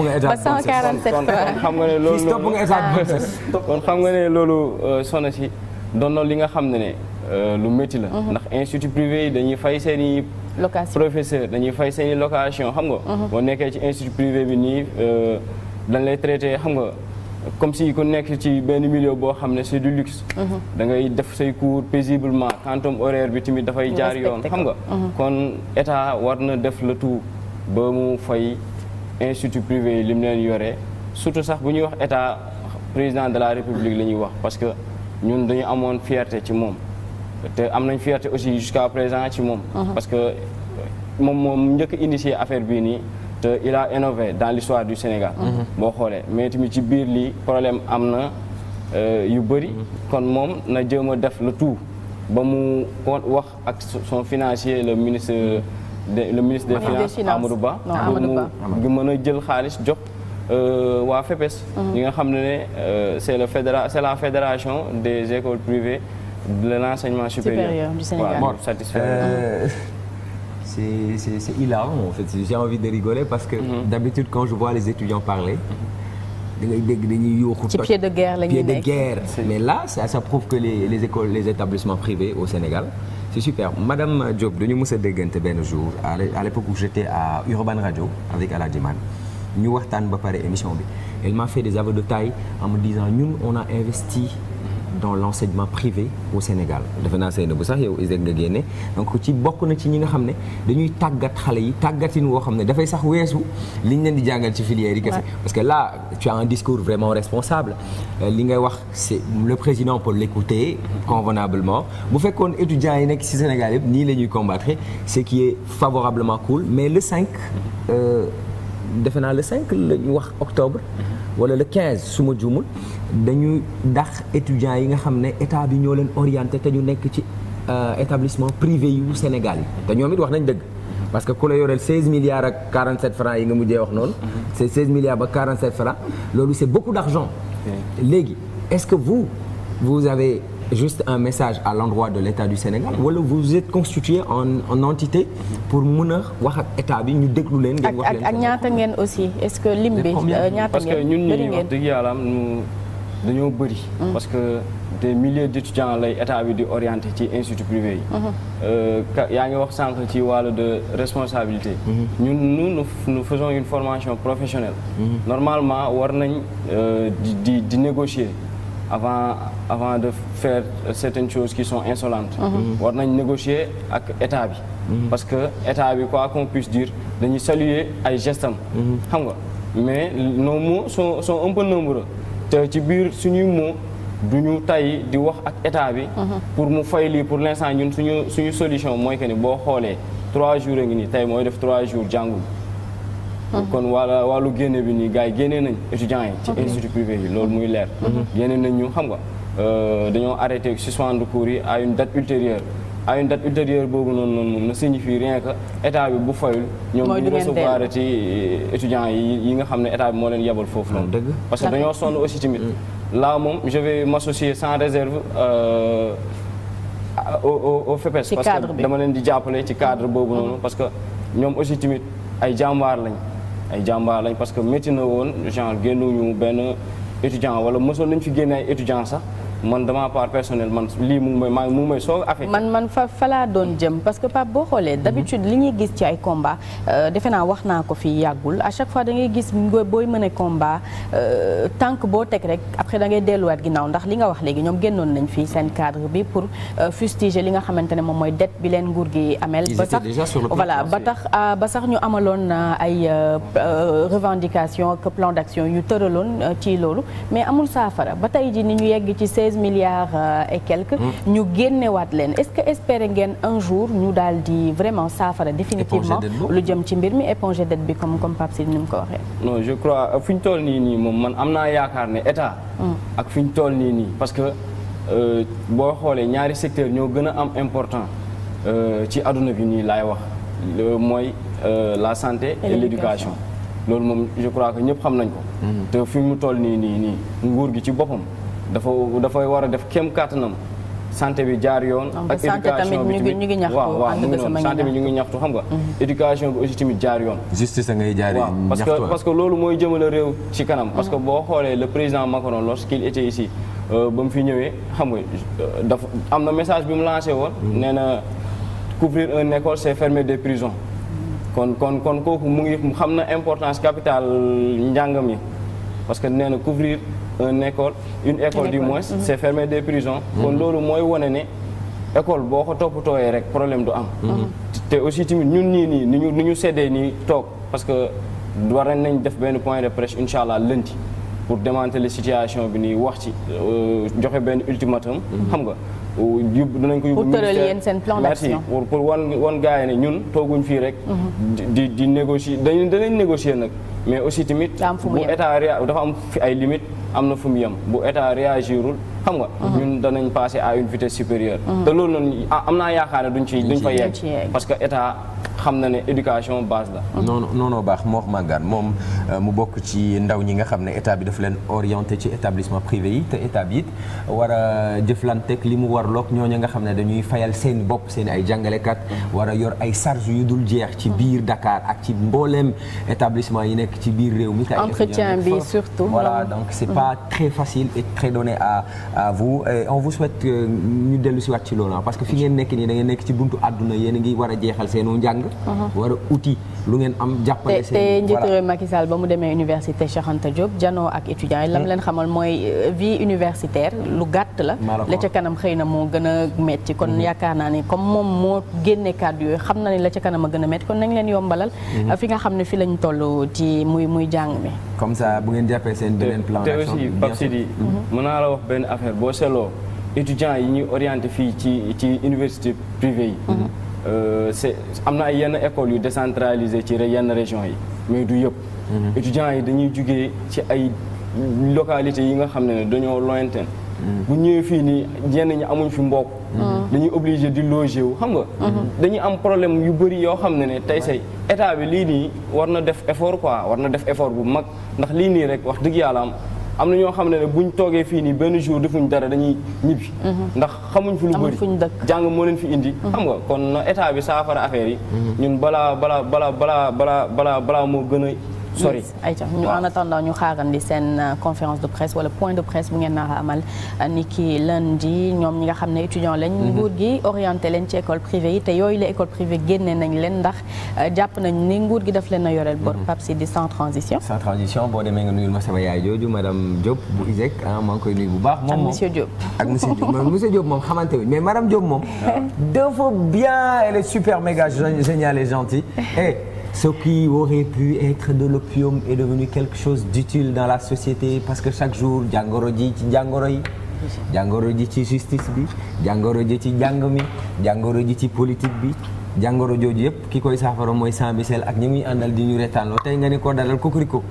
xam nga ne loolu stop xam nga loolu soxna si doon na li nga xam ne ne euh, lu métti la. Mm-hmm. ndax institut privé yi dañuy fay seen i. location professeur dañuy fay seen i location xam nga. boo nekkee ci institut privé bi nii euh, dañ lay traité xam nga. comme si ku nekk ci benn milieu boo xam ne c'est du luxe. Mhm. da ngay def say cours paisiblement quantum horaire bi tamit dafay jaar yoon xam nga. Mhm. kon état war na def le tout ba mu fay institut privé yi lim leen yore surtout sax bu ñuy wax état président de la république la ñuy wax parce que ñun dañu amoon fierté ci moom te am nañ fierté aussi jusqu'à présent ci moom. Mhm. parce que moom moom njëkk initier affaire bii nii. te il a innové dans l'histoire du Sénégal mhm. boo xoolee mais tamit ci biir lii problème am na euh, yu bëri mhm. kon moom na jéem a def le tout ba mu wax ak son financier le ministre de le ministre des finances Amadou Ba pour mu mën a jël xaalis jox euh, waa FEPES mhm. ñi nga xam ne ne euh, c'est le fédéra c'est la fédération des écoles privées de l'enseignement supérieur waaw satisfait c'est hilarant en fait. J'ai envie de rigoler parce que mm -hmm. d'habitude quand je vois les étudiants parler, mhm. da ngay dégg dañuy yuuxu. ci pied de guerre la ñuy nekk pied de guerre. mais là ça ça prouve que les les écoles les établissements privés au Sénégal c'est super madame Diop dañu mës a déggante benn jour à l'époque où j'étais à Urban Radio avec Aladji Man ñu waxtaan ba pare émission bi elle m'a fait des aveux de taille en me disant ñun on a investi. dans l'enseignement privé au Sénégal defe naa seen bu sax yow ISEG nga génne donc ci bokk na ci ñi nga xam ne dañuy tàggat xale yi tàggatin woo xam ne dafay sax weesu li liñ leen di jàngal ci filière yi kese parce que là tu as un discours vraiment responsable euh, li ngay wax c'est le président peut l'écouter convenablement bu fekkoon étudiants yi nekk ci Sénégal yëpp nii la ñuy combattre ce qui est favorablement cool mais le 5 euh, defe naa le 5 la ñu wax octobre wala le 15 su ma dañu dax étudiants yi nga xam ne état bi ñoo leen orienté te ñu nekk ci euh, établissement privé yu Sénégal yi te ñoom it wax nañ dëgg parce que ku la yoreel 16 milliards ak 47 francs yi nga mujjee wax noonu mhm. c'est 16 milliards ba 47 francs loolu c'est beaucoup d'argent léegi est-ce que vous vous avez juste un message à l'endroit de l'État du Sénégal wala vous êtes constitué en entité pour mën a wax ak état bi ñu déglu leen ngeen wax leen ak ñaata ngeen aussi est-ce que lim bi euh, ñaata parce que ñun ñi wax dëgg yàlla dañoo bëri mm. parce que des milliers d'étudiants lay état bi di orienté ci institut privé yi mm-hmm. euh, yaa ngi wax sànq ci wàllu de responsabilité mm-hmm. ñun nous nous faisons une formation professionnelle mm-hmm. normalement war nañ euh, di di di négocier avant avant de faire euh, certaines choses qui sont insolentes. Mhm. Mhm. war nañ négocier ak état bi. Mhm. parce que état bi quoi qu'on puisse dire dañuy saluer ay gestam xam nga mais nos mots soo sont un te ci biir suñuy mots du ñu tay di wax ak état bi. pour mu fay lii pour l'instant ñun suñu suñu solution mooy que ni boo xoolee trois jours a ngi nii tey mooy def trois jours jàngul. kon wala wàllu génne bi nii gars yi génne nañ étudiants yi. ci institut privé yi loolu muy leer. génne nañ ñu xam nga. Euh, dañoo arrêté suspendre cours yi à une date ultérieure à une date ultérieure boobu noonu noonu ne signifie rien que état bi bu fayul. ñoom ñu recevoir ci étudiants yi yi nga xam ne état bi moo leen yebal foofu noonu. parce que dañoo sonn aussi tamit. Mm. là moom je vais m'associer sans réserve. Euh, au au au FEPES parce que dama leen di jàppale ci cadre boobu mm. noonu parce que ñoom aussi tamit ay jàmbaar lañ ay jàmbaar lañ parce que métti na woon genre génnuñu benn étudiant wala mësoon nañ fi génne ay étudiants sax man dama part personnel man fa fa doon jëm parce que Pape boo xoolee d'habitude li ñuy gis ci ay combat euh, defe naa wax naa ko fii yàggul à chaque fois da ngay gis booy mën a combat euh, tànk boo teg rek après dangay ngay delluwaat ginnaaw ndax li nga wax léegi ñoom génnoon nañ fii seen cadre bi pour euh, fustiger li nga xamante ne moom mooy dette bi leen nguur gi amel ba sax voilà ba tax ah, ba sax ñu amaloon ay revendication ak plan d'action yu tëraloon ci loolu mais amul saafara seize milliards euh, et quelques. Hmm. ñu génnewaat leen est-ce que espérer ngeen un jour ñu daldi di vraiment saafara définitivement lu jëm ci mbir mi éponger dette bi comme comme Pape Sidi ni mu ko waxee. non je crois euh, fi ñu toll nii nii moom man am naa yaakaar ne état. Hmm. ak fi ñu toll nii nii parce que euh, boo xoolee ñaari secteur ñoo gën a am important ci àdduna bi nii laay wax mooy la santé et l'éducation loolu moom je crois que ñëpp xam nañ ko. Hmm. te fi mu toll nii nii nii nguur gi ci boppam. dafa dafay war a def kéem kàttanam santé bi jaar yoon. ak éducation bi tamit ñu ngi ñaxtu. waaw waaw mu ngi noonu santé bi ñu ngi ñaxtu xam nga. Mhm. éducation bi aussi tamit jaar yoon. justice ngay jaar ñaxtu parce que parce que loolu mooy jëmale réew ci kanam. parce que mhm. boo xoolee le président Macron lorsqu'il était ici euh, ba mu fi ñëwee xam nga euh, dafa am na message bi mu lancé woon. Mhm. nee na couvrir une école c'est fermer des prisons. kon kon kon kooku mu ngi xam na importance capital njàng mi parce que nee na couvrir. un école une école du moins mhm. c'est fermé des prisons kon mhm. loolu mooy wone ne école boo ko toppatooyee rek problème du am mhm. te aussi tamit ñun nii nii ni ñu ni ñu seddee nii toog parce que war nañ def benn point de presse incha allah lundi pour le situation bi nii wax ci euh, joxe benn ultimatum xam nga euh, yóbbu dinañ ko yóbbu ministère pour tëral yéen seen plan d'action ne ñun tooguñ fii rek di di négocier dañ danañ négocier nag mais aussi tamit bu état dafa am fi ay limites am na fu mu yem bu état réagirul xam nga mhm. ñun danañ passe a une vitesse supérieure mhm. te loolu noonu ah, am naa yaakaar ne duñ ci duñ fa yegg parce que état xam na ne éducation base la. non non baax Mor Magane moom euh, mu bokk ci ndaw ñi nga xam ne état bi dafa leen orienté ci établissement privé yi te état bi it war a jëflanteeg li mu warloog ñooñu nga xam ne dañuy fayal seen bopp seen ay jàngalekat. war a yor ay charge yu dul jeex. ci biir dakaar ak ci mbooleem établissement yi nekk ci biir réew mi. entretien bi surtout voilà donc c' est pas mm-hmm. très facile et très donné à à vous et on vous souhaite euh, ñu dellu si ci ah, nekk nii da nekk ci buntu àdduna yéen a ngi war a jeexal seenu njàng jàng. Uh-huh. uti lu ngeen am jàppale seen. te njiitu réew ba mu demee université Cheikh Anta Diop janoo ak étudiants yi. lam eh. leen xamal mooy euh, vie universitaire lu gàtt la. la ca kanam xëy na moo gën a metti kon mm-hmm. yaakaar naa ni comme moom moo génne kàddu yooyu xam na ne la ca kanam a gën a metti kon nañ leen yombalal. Mm-hmm. fi nga xam ne fi lañ toll ci muy muy jàng mi. comme ça bu ngeen jàppee seen beneen plan d'action te aussi Pape Sidi mm-hmm. naa la wax benn affaire boo seloo étudiants yi ñuy orienté fii ci ci université Euh, c'est am na ay yenn écoles yu décentralisées ci yenn régions yi mais du yëpp. Mm-hmm. étudiants yi dañuy jugee ci ay localités yi nga xam ne dañoo lointaine. Mm-hmm. bu ñëwee fii nii yenn ñi amuñ fi mbokk. Mm-hmm. dañuy obligé di loger wu xam nga. dañuy am problème yu bëri yoo xam ne ne tey say état bi lii nii war na def effort quoi war na def effort bu mag ndax lii nii rek wax dëgg yàlla am. am na ñoo xam ne ne buñ toogee fii nii benn jour defuñ dara dañuy ñibbi. Mhm. ndax xamuñ fu lu bëri jàng moo leen fi indi. Mhm. xam nga kon état bi saafara affaire yi. Mhm. ñun balaa bala bala bala balaa balaa balaa moo gën a. sori ayca ñu en attendant ñu xaarandi seen euh, conférence de presse wala point de presse bu ngeen naa amal euh, ni ki lundi ñoom ñi nga xam ne étudiant lañ mhm. nguur gi orienté leen ci école privée yi te yooyu la école privée génne nañ leen ndax euh, jàpp nañ ni nguur gi daf leen a yoreel bor mhm. pap di sans transition sans transition boo demee nga nuyul ma sama yaay jooju madame Diop bu ISEC ah maa moom ak bien elle super méga géniale ce qui aurait pu être de l'opium est devenu quelque chose d'utile dans la société parce que chaque jour jàngoro ji ci jàngoro yi jàngoro ji ci justice bi jàngoro ji ci njàng mi jàngoro ji ci politique bi jàngoro jooju yëpp ki koy saafara mooy sambisel ak ñi muy àndal di ñu retaanloo tey nga ne ko dalal kokoriko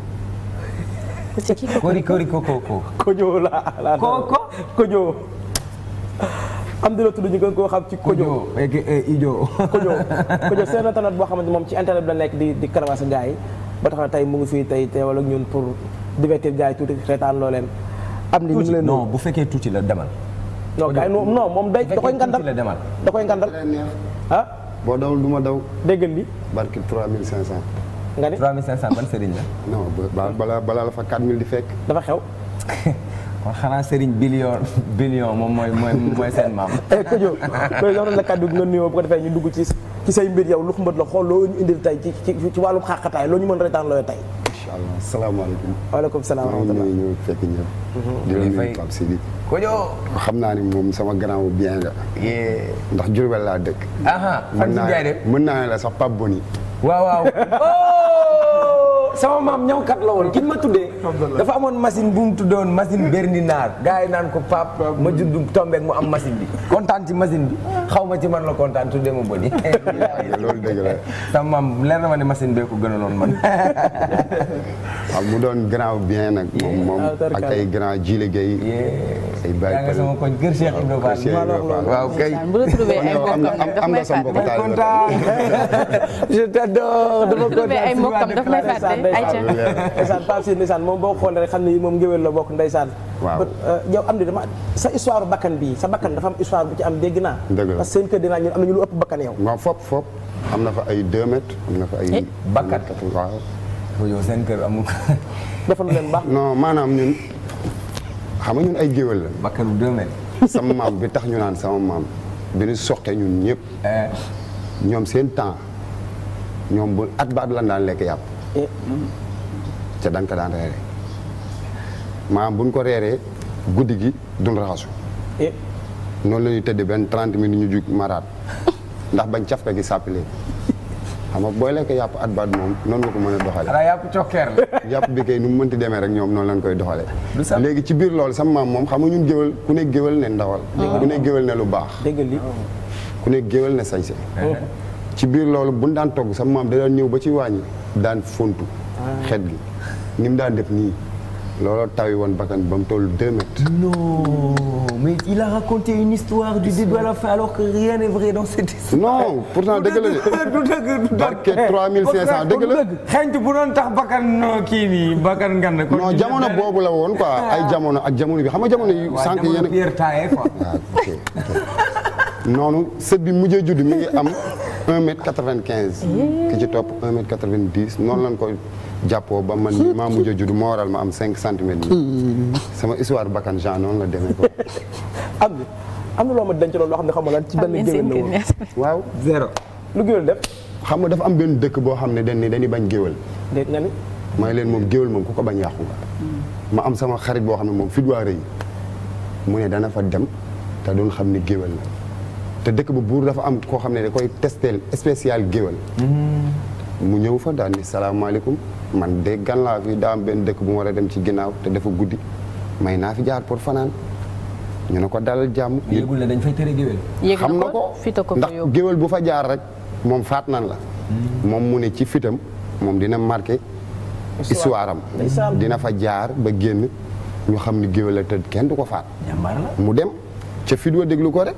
kokoriko kokoriko kokoriko kokoriko kokoriko kokoriko kokoriko am di la tudd ñu gën koo xam ci Kodjo Kodjo e, Kodjo Kodjo seen internet boo xamante moom ci internet bi la nekk di di karawaase gars yi ba tax na tey mu ngi fii tey teewal ak ñun pour divertir gars yi tuuti reetaan loo leen am di ñu ngi bu fekkee tuuti la demal non gars yi non moom day da koy ngandal da koy ngandal ah boo dawul du ma daw déggal li barki 3500 nga ni 3500 ban sëriñ la non balaa balaa la fa di fekk dafa xew kon xanaa Serigne Billion Billion moom mooy mooy mooy seen maam. Eh, ku jóg loolu jox nañ la nga nuyoo bu ko defee ñu dugg ci ci say mbir yow lu xumbat la xool loo ñu indil tey ci ci ci wàllum loo ñu mën retaan looy tey. incha allah salaamaaleykum. waaleykum salaam wa rahmatulah maa ngi nuyu fekk ñëpp. Mhm. di nuyu Pape ko xam naa ni moom sama grand bien la. ndax Diourbel laa dëkk. fan si jaay mën naa mën la sax Pape Boni. waaw waaw. Oh! sama maam ñawkat la woon ki ma tuddee. dafa amoon machine bu mu tuddoon machine Bernard gars yi naan ko pap ma juddu tombeek mu am machine bi kontaan ci machine xaw ma ci man la kontaan tuddee ma bëri. loolu dëgg la. sama maam ko gënaloon man. waaw mu doon grand bien nag. moom moom grand Jile Gueye. ay bàyyi kër sama koñ kër Cheikh Ibrahima Fall. waaw kay am nga sa mbokk taal je t'adore dama kontaan ndeysaan ndeysaan Pape Sidi ndeysaan moom boo xoolee xam ne yi moom ngéwél la bokk ndeysaan waaw euh, yow am di dama sa histoire bakkan bi sa bakkan dafa am histoire bu ci am dégg naa parce que seen kër dinaa ñun am nañu lu ëpp bakkan yow waaw fop fop am na fa ay 2 mètres am na fa ay eh, bakkan waaw yow seen kër amul defal leen baax non maanaam ñun xam nga ay géwél la bakkan bu 2 mètres sama maam bi tax ñu naan sama maam bi ñu soqee ñun ñëpp eh. ñoom seen temps ñoom bu at ba at lan daan lekk yàpp ce eh, dañ ko daan reere maanaam buñ ko reeree guddi gi duñ raxasu eh. noonu la ñuy tëdd benn trente minutes ñu jug maraat ndax bañ cafka gi sàppilee xam nga booy lekk yàpp at baat moom noonu ko mën a doxale yàpp bi kay nu mu mënti demee rek ñoom noonu lañ koy doxale léegi ci biir lool sama maam moom xam nga ñun géwél ku ne géwél ne ndawal ah. ku ne géwél ne lu baax ku ne géwél ne sañse uh-huh. ci biir loolu bu daan toog sa maam da daan ñëw ba ci waañ daan fontu ah. xet gi ni mu daan def nii looloo tawi woon bakkan ba mu toll deux mètres. non mais il a raconté une histoire du début à la fin alors que rien n'est vrai dans cette eh, bu doon tax bakkan kii nii bakkan ngan jamono boobu la woon quoi ah. ay jamono ak jamono bi xam nga jamono yi. sànq yéen a waaw jamono biir noonu sët bi mujjee judd mi ngi am. un mètre quatre vingt quinze. ki ci topp un mètre quatre vingt dix noonu lañ ko jàppoo ba man mii maa mujj a juddu moo ma am cinq centimètres. sama histoire bakkan Jean noonu la demee ko. am na am loo xam ne xam nga ci benn géwél waaw xam nga dafa am benn dëkk boo xam ne dañ ne dañuy bañ géwél. dégg may leen moom géwél moom ku ko bañ yàqu nga. ma am sama xarit boo xam ne moom fit waa rëy mu ne dana fa dem te duñ xam ni géwél la. te dëkk bu buur dafa am koo xam ne da koy testeel spécial géwel mu ñëw fa daal ni salaamaaleykum man de gan laa fi daa am benn dëkk bu mu war a dem ci ginnaaw te dafa guddi may naa fi jaar pour fanaan ñu ne ko dalal jàmm. yëgul dañ fay tere géwél. xam na ko ndax géwél bu fa jaar rek moom faat nan la. Hmm. moom mu ne ci fitam moom dina marqué. histoire am dina fa jaar ba génn ñu xam ni géwél la kenn du ko faat. mu dem ca fit wa déglu ko rek.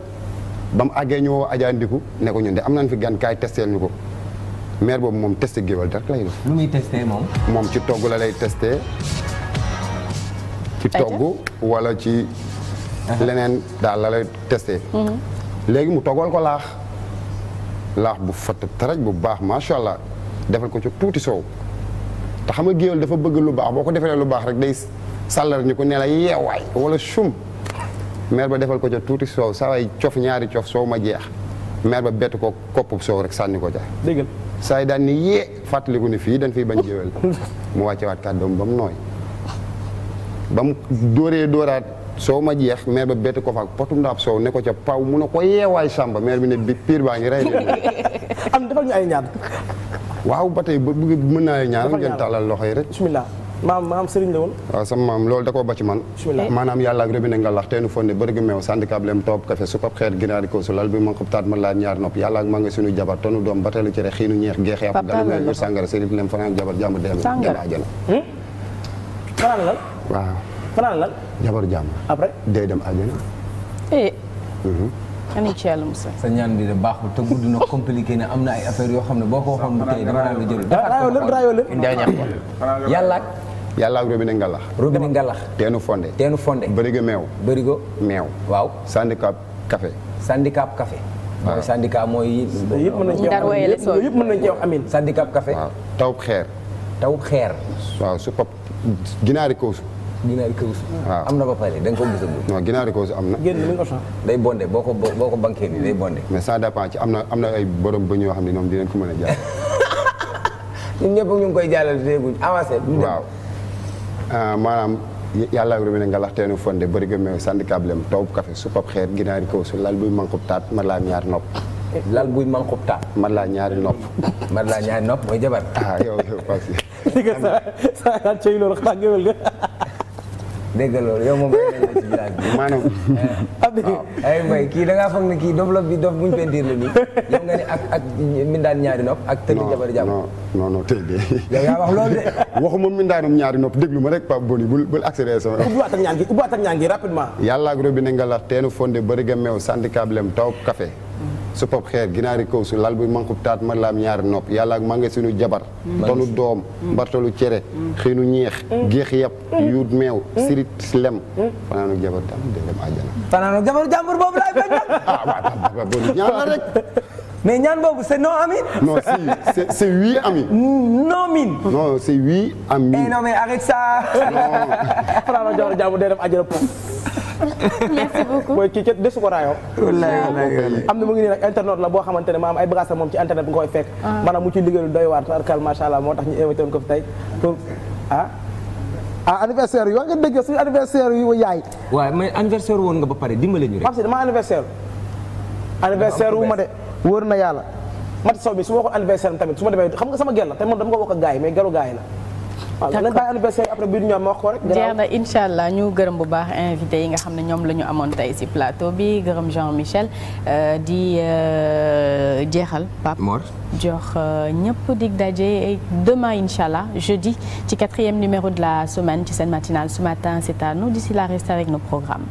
ba mu àggee ñu woo Adja ñun de am nañ fi gan kaay testeel ñu ko maire boobu moom testé géwél rek lay def. lu muy moom. moom ci togg la lay testé. ci togg wala ci. Uh-huh. leneen daal la lay testé. Mm-hmm. léegi mu toggal ko laax. laax bu fatt taraj bu baax macha allah defal ko ci tuuti soow. te xam nga géwél dafa bëgg lu baax boo ko defalee lu baax rek day sàllar ñu ko ne la yeewaay wala chum. maire ba defal ko ca tuuti soow saa waay cof ñaari cof soow ma jeex maire ba bett ko kopp soow rek sànni ko ca dëgg saa yi daan ni yee fàttaliku ni fii dañ fiy bañ jëwel mu wàcce waat kàddoom ba nooy ba mu dóoree dóoraat soow ma jeex maire ba bett ko faak potu ndaab soow ne ko ca paw mu ne ko waay sàmba maire bi ne bi piir baa ngi rey am ay ñaan waaw ba tey ba bëgg mën naa ñaan ngeen tàllal loxo yi rek bismillah maam maam sëriñ la woon waaw ah, sama maam loolu da koo ba man maanaam yàlla ak nga lax teenu fonde bërigi meew sandicab lem toob café sukab xeet ginaari koosu lal bi man xubtaat man laa ñaar nopp yàlla ma nga suñu jabar tonu doom batalu cere xiinu ñeex geex yàpp galu meew sàngara sërif lem fanaan jabar jàmm dem dem àjjana fanaan lan waaw jabar jàmm après dem àjjana amiin ci yàlla sa ñaan bi de baaxul te gudd na compliqué na am na ay affaires yoo xam ne boo ko waxoon bu tey dama naan la jël. raayoo lépp raayoo yàlla ak. yàlla ak robinet ngalax. robinet ngalax. teenu fonde. teenu fonde. bërigo meew. bërigo meew. waaw. sandicap café. sandicap café. waaw mooy sandicap mooy. yëpp mën nañu cee wax amiin yëpp mën nañu cee wax amiin. sandicap café. waaw tawub xeer. tawub xeer. waaw su pap ginaari koosu. ginaari kawsu waaw am na ba pare da nga ko gisagul. non ginaari kawsu am na. génn mi boo ko boo ko banqué nii day bondé. mais ça dépend ci am na ay borom bëñ xam ne ñoom dinañ ko mën a jaay. ñun ñëpp ñu ngi koy jàllale léeguñ avancé. waaw euh, maanaam yàlla rumi ne nga laxteenu fonde bëri ga meew sandi kablem taw café supap xeer ginaari kawsu lal buy manqub taat man laa ñaari nopp lal buy manqub taat man ñaari nop man laa ñaari nop mooy jabar ah yow yow parce que li dégg nga loolu yow moom ngay nekk ci village bi maanaam. waaw ah. ay kii da ngaa foog ne kii dof la bi dof bu ñu pendir la nii yow nga ne ak ak mindaan ñaari nopp ak tëgg jabar jàmm non non non tey de. yow yaa wax loolu de. waxuma mindaanum ñaari nop déglu ma rek Pape Boni bul bul accéléré sama. ubbiwaat ak ñaan gi ubbiwaat ak ñaan gi rapidement. yàlla ak robinet nga teenu fonde bari ga meew sandi kablem taw café su pop xeer ginaari kaw su lal bu manqub taat ma laam ñaari nopp yàlla ak ma nga suñu jabar mm. tonu doom mbartalu mm. cere mm. xiinu ñeex géex yàpp yuut meew sirit lem fanaanu jabar dam boobu laay bañ ñaan boobu c'est non amin non si c'est oui amin non min non c'est oui amin eh non mais arrête ça fanaanu merci beaucoup mooy kii kat desu ko raayoo wallaahi am na mu ngi la boo xamante ne maam ay bagages moom ci internet bi nga koy fekk ah. maanaam mu ci liggéey lu doy ah. Ah, waa mais anniversaire woon nga ba pare dimbale ñu rek parce que dama anniversaire anniversaire wu na yàlla Mati Sow bi su ma waxoon anniversaire tamit su ma demee xam nga sama gel la te moom dama ko wax ak gars gelu gars la après ñu wax ko rek. jeex na allah ñu gërëm bu baax invité yi nga xam ne ñoom la ñu amoon tey si plateau bi gërëm Jean Michel euh, di euh, jeexal Pape Mor jox euh, ñëpp dig daje demain incha allah jeudi ci quatrième numéro de la semaine ci seen matinal ce matin c'est à nous d'ici là restez avec nos programmes